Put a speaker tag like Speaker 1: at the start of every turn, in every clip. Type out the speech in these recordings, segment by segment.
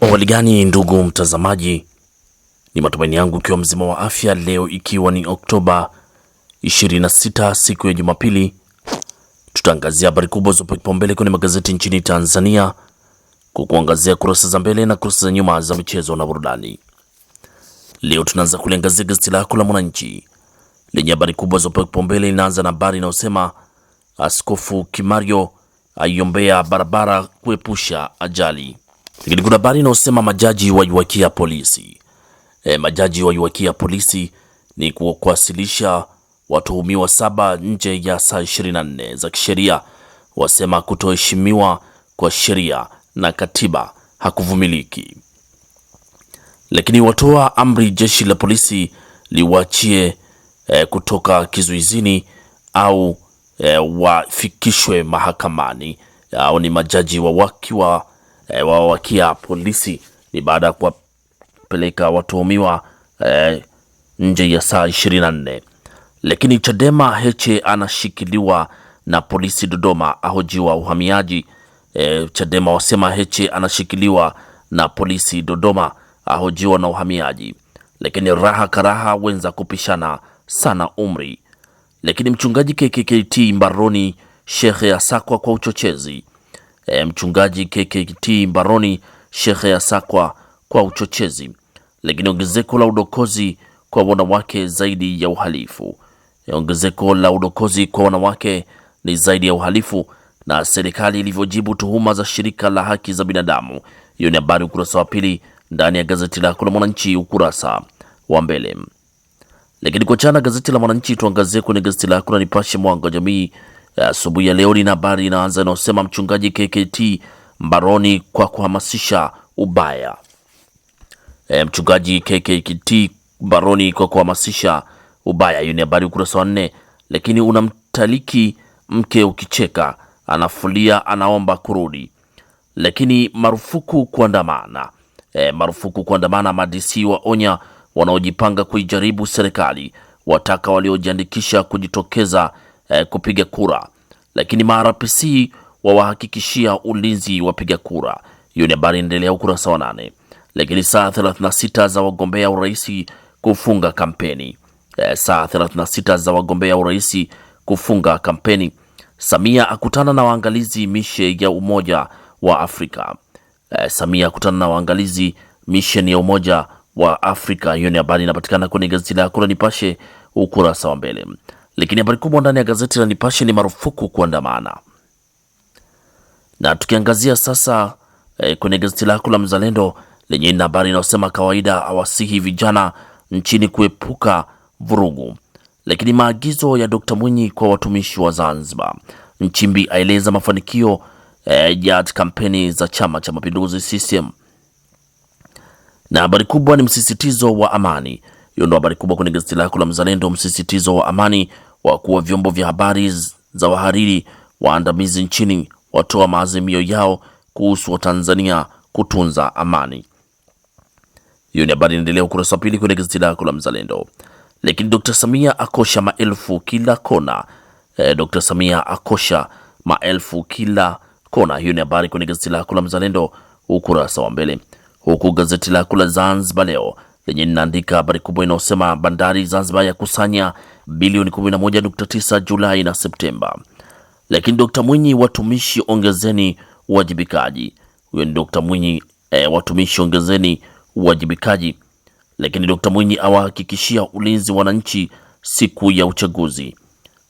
Speaker 1: Wawali gani ndugu mtazamaji, ni matumaini yangu ukiwa mzima wa afya leo, ikiwa ni Oktoba 26 siku ya Jumapili, tutaangazia habari kubwa zopa kipaumbele kwenye magazeti nchini Tanzania kwa kuangazia kurasa za mbele na kurasa za nyuma za michezo na burudani. Leo tunaanza kuliangazia gazeti lako la Mwananchi lenye habari kubwa zopa kipaumbele. Inaanza na habari inayosema Askofu Kimario aiombea barabara kuepusha ajali lakini kuna habari inayosema majaji waiwakia polisi e, majaji waiwakia polisi ni kuwasilisha watuhumiwa saba nje ya saa 24 za kisheria, wasema kutoheshimiwa kwa sheria na katiba hakuvumiliki. Lakini watoa amri jeshi la polisi liwaachie e, kutoka kizuizini au e, wafikishwe mahakamani au ni majaji wawakiwa e, wao wakia polisi ni baada ya kuwapeleka watuhumiwa e, nje ya saa 24. Lakini Chadema Heche anashikiliwa na polisi Dodoma, ahojiwa uhamiaji. E, Chadema wasema Heche anashikiliwa na polisi Dodoma, ahojiwa na uhamiaji. Lakini raha karaha, wenza kupishana sana umri. Lakini mchungaji KKKT mbaroni, shekhe asakwa kwa uchochezi e, mchungaji KKT mbaroni Shekhe asakwa kwa uchochezi, lakini ongezeko la udokozi kwa wanawake zaidi ya uhalifu. E, ongezeko la udokozi kwa wanawake ni zaidi ya uhalifu na serikali ilivyojibu tuhuma za shirika la haki za binadamu. Hiyo ni habari ukurasa wa pili ndani ya gazeti lako la Mwananchi ukurasa wa mbele. Lakini kwa chana gazeti la Mwananchi tuangazie kwenye gazeti lako la Nipashe mwanga jamii asubuhi ya leo. Lina habari inaanza inaosema mchungaji KKT mbaroni kwa kuhamasisha ubaya. E, mchungaji KKT mbaroni kwa kuhamasisha ubaya. Hiyo ni habari ukurasa wa nne. Lakini unamtaliki mke ukicheka, anafulia anaomba kurudi. Lakini marufuku kuandamana. E, marufuku kuandamana. Madisi onya wanaojipanga kuijaribu serikali, wataka waliojiandikisha kujitokeza e, kupiga kura lakini marapc wawahakikishia ulinzi wapiga kura. Hiyo ni habari inaendelea ukurasa wa nane. Lakini saa 36 za wagombea uraisi kufunga kampeni e, saa 36 za wagombea uraisi kufunga kampeni. Samia akutana na waangalizi mishe ya umoja wa Afrika. E, Samia akutana na waangalizi misheni ya umoja wa Afrika. Hiyo ni habari inapatikana kwenye gazeti lako la Nipashe ukurasa wa mbele. Lakini habari kubwa ndani ya gazeti la Nipashe ni marufuku kuandamana, na tukiangazia sasa e, kwenye gazeti lako la Mzalendo lenye ina habari inayosema kawaida awasihi vijana nchini kuepuka vurugu, lakini maagizo ya Dkt Mwinyi kwa watumishi wa Zanzibar. Nchimbi aeleza mafanikio e, ya kampeni za Chama cha Mapinduzi CCM, na habari kubwa ni msisitizo wa amani. Hiyo ndo habari kubwa kwenye gazeti lako la Mzalendo, msisitizo wa amani wakuu wa vyombo vya habari za wahariri waandamizi nchini watoa maazimio yao kuhusu Watanzania kutunza amani. Hiyo ni habari inaendelea ukurasa wa pili kwenye gazeti lako la Mzalendo. Lakini Dr. Samia akosha maelfu kila kona. Eh, Dr. Samia akosha maelfu kila kona. Hiyo ni habari kwenye gazeti lako la Mzalendo ukurasa wa mbele, huku gazeti lako la Zanzibar Leo lenye linaandika habari kubwa inayosema bandari Zanzibar ya kusanya bilioni 11.9 Julai na Septemba. Lakini Dr Mwinyi, watumishi ongezeni uwajibikaji. Huyo ni Dr Mwinyi eh, watumishi ongezeni uwajibikaji. Lakini Dr Mwinyi awahakikishia ulinzi wananchi siku ya uchaguzi.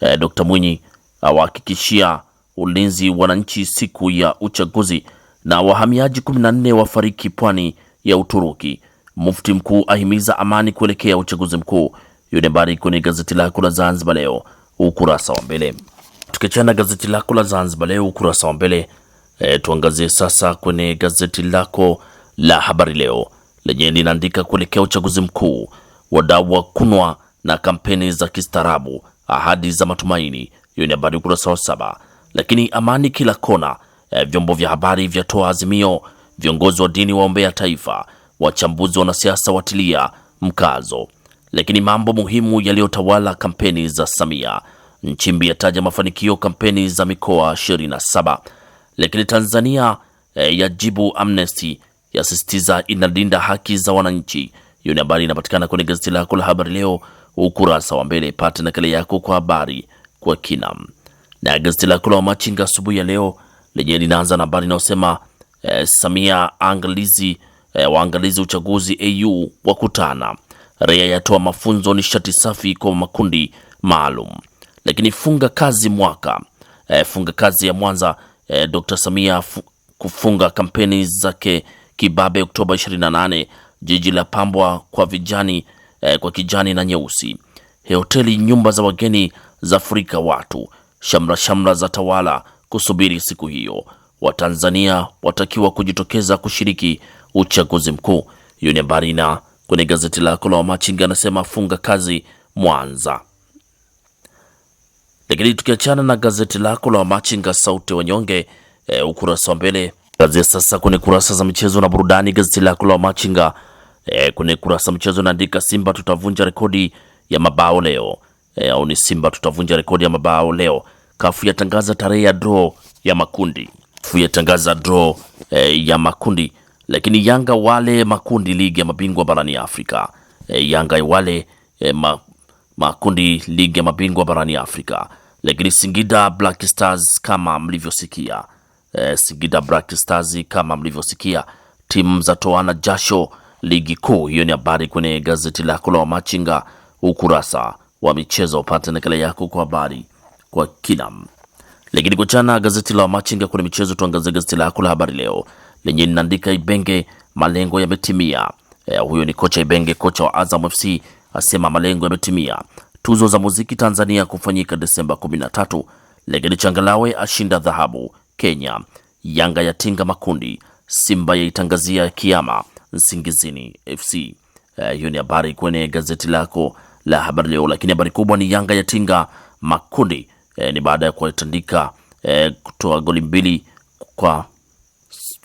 Speaker 1: Eh, Dr Mwinyi awahakikishia ulinzi wananchi siku ya uchaguzi. Na wahamiaji 14 wafariki pwani ya Uturuki. Mufti mkuu ahimiza amani kuelekea uchaguzi mkuu. Hiyo ni habari kwenye gazeti lako la Zanzibar leo ukurasa wa mbele. Tukiachana gazeti lako la Zanzibar leo ukurasa wa mbele e, tuangazie sasa kwenye gazeti lako la habari leo lenye linaandika kuelekea uchaguzi mkuu, wadau wa kunwa na kampeni za kistaarabu, ahadi za matumaini. Hiyo ni habari ukurasa wa saba. Lakini amani kila kona, e, vyombo vya habari vyatoa azimio, viongozi wa dini waombea taifa wachambuzi wanasiasa watilia mkazo. Lakini mambo muhimu yaliyotawala kampeni za Samia, Nchimbi yataja mafanikio kampeni za mikoa 27. Lakini Tanzania e, yajibu Amnesty, yasisitiza inalinda haki za wananchi. Hiyo ni habari inapatikana kwenye gazeti lako la Habari Leo ukurasa wa mbele. Pata nakala yako kwa habari kwa kina. Na gazeti lako la Machinga asubuhi ya leo lenyewe linaanza na habari inayosema e, Samia angalizi eh, waangalizi uchaguzi AU wakutana. raia yatoa mafunzo nishati safi kwa makundi maalum. Lakini funga kazi mwaka e, funga kazi ya Mwanza e, Dr. Samia kufunga kampeni zake kibabe Oktoba 28, jiji la pambwa kwa vijani e, kwa kijani na nyeusi. Hoteli nyumba za wageni za furika watu, shamra shamra za tawala kusubiri siku hiyo. Watanzania watakiwa kujitokeza kushiriki uchaguzi mkuu. Hiyo ni habari na kwenye gazeti lako la Wamachinga, anasema funga kazi Mwanza. Lakini tukiachana na gazeti lako la Wamachinga, sauti wanyonge e, ukurasa wa mbele gazeti sasa, kwenye kurasa za michezo na burudani, gazeti lako la Wamachinga e, kwenye kurasa michezo naandika Simba tutavunja rekodi ya mabao leo e, au ni Simba tutavunja rekodi ya mabao leo. Kafu yatangaza tarehe ya draw ya makundi, kafu yatangaza draw e, ya makundi lakini Yanga wale makundi ligi ya mabingwa barani Afrika e, Yanga wale e, ma, makundi ligi ya mabingwa barani Afrika, lakini Singida Black Stars kama mlivyosikia e, Singida Black Stars kama mlivyosikia, timu za toana jasho ligi kuu. Hiyo ni habari kwenye gazeti lako la Wamachinga ukurasa wa michezo, upate nakala yako kwa habari kwa kinam. Lakini kuchana gazeti la Wamachinga kwenye michezo, tuangazie gazeti lako la Habari Leo lenye linaandika Ibenge, malengo yametimia. E, huyo ni kocha Ibenge, kocha wa Azam FC asema malengo yametimia. Tuzo za muziki Tanzania kufanyika Desemba 13. Legedi Changalawe ashinda dhahabu Kenya. Yanga yatinga makundi. Simba yaitangazia kiama Nsingizini FC. Eh, hiyo e, ni habari kwenye gazeti lako la Habari Leo, lakini habari kubwa ni Yanga yatinga makundi. E, ni baada ya kuwatandika e, kutoa goli mbili kwa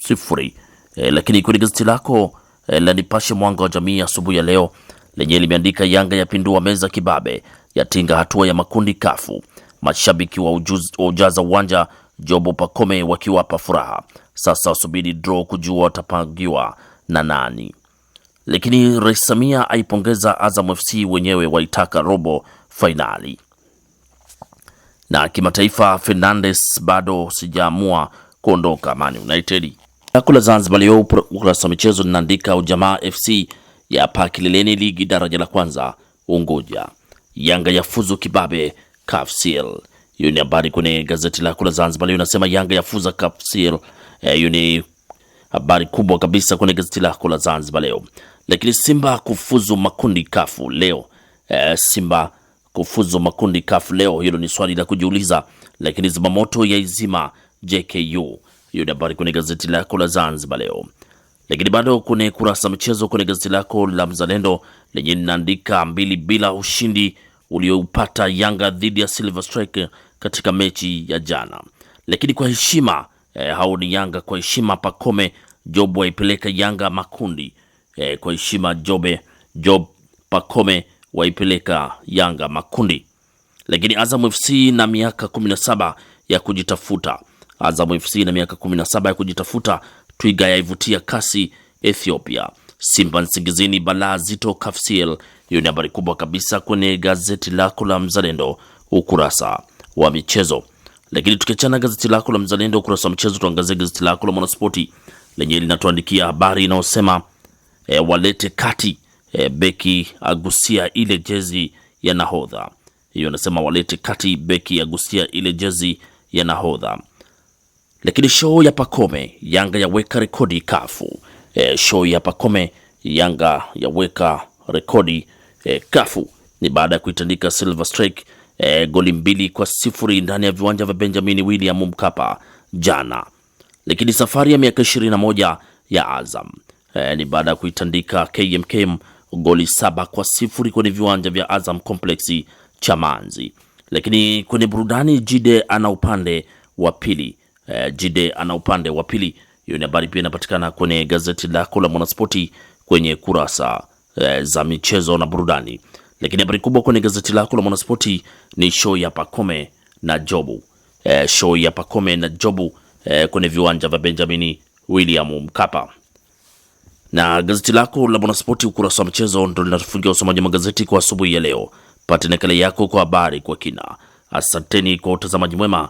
Speaker 1: sifuri. E, lakini kwenye gazeti lako e, la Nipashe Mwanga wa Jamii asubuhi ya leo lenyewe limeandika Yanga yapindua meza kibabe, yatinga hatua ya makundi kafu, mashabiki wa, ujuz, wa ujaza uwanja Jobo Pakome wakiwapa furaha, sasa wasubiri draw kujua watapangiwa na nani. Lakini Rais Samia aipongeza Azam FC, wenyewe waitaka robo fainali. Na kimataifa, Fernandes bado sijaamua kuondoka Man United. Kula Zanzibar leo ukurasa wa michezo linaandika Ujamaa FC yapaa kileleni ligi daraja la kwanza Unguja, Yanga yafuzu kibabe CAFSIL. Hiyo ni habari kwenye gazeti la Kula Zanzibar leo inasema Yanga yafuza CAFSIL. Eh, hiyo ni habari kubwa kabisa kwenye gazeti la Kula Zanzibar leo. Lakini Simba kufuzu makundi kafu leo. E, Simba kufuzu makundi kafu leo, hilo ni swali la kujiuliza, lakini zimamoto ya izima JKU hiyo ni habari kwenye gazeti lako la Zanzibar Leo. Lakini bado kwenye kurasa mchezo kwenye gazeti lako la Mzalendo lenye linaandika mbili bila ushindi ulioupata Yanga dhidi ya Silver Strike katika mechi ya jana. Lakini kwa heshima eh, hao ni Yanga kwa heshima Pakome Job waipeleka Yanga makundi eh, kwa heshima Jobe Job Pakome waipeleka Yanga makundi. Lakini Azam FC na miaka 17 ya kujitafuta Azamu FC na miaka 17 ya kujitafuta. Twiga yaivutia kasi Ethiopia. Simba nsingizini balaa zito Kafsiel. Hiyo ni habari kubwa kabisa kwenye gazeti lako la Mzalendo ukurasa wa michezo. Lakini tukiachana gazeti lako la Mzalendo ukurasa wa michezo, tuangazie gazeti lako la Mwanaspoti lenye linatuandikia habari inayosema e, walete kati e, beki agusia ile jezi ya nahodha. Hiyo nasema walete kati beki agusia ile jezi ya nahodha lakini show ya Pakome Yanga yaweka rekodi kafu. E, show ya Pakome Yanga yaweka rekodi e, kafu ni baada ya kuitandika Silver Strike e, goli mbili kwa sifuri ndani ya viwanja vya Benjamin William Mkapa jana. Lakini safari ya miaka 21 ya Azam e, ni baada ya kuitandika KMKM goli saba kwa sifuri kwenye viwanja vya Azam Complex Chamanzi. Lakini kwenye burudani, Jide ana upande wa pili eh, Jide ana upande wa pili. Hiyo ni habari pia inapatikana kwenye gazeti lako la Mwanaspoti kwenye kurasa eh, za michezo na burudani. Lakini habari kubwa kwenye gazeti lako la Mwanaspoti ni show ya Pakome na Jobu eh, show ya Pakome na Jobu eh, kwenye viwanja vya Benjamin William Mkapa na gazeti lako la Mwanaspoti ukurasa wa michezo ndo linatufungia usomaji wa magazeti kwa asubuhi ya leo. Pate nakala yako kwa habari kwa kina. Asanteni kwa utazamaji mwema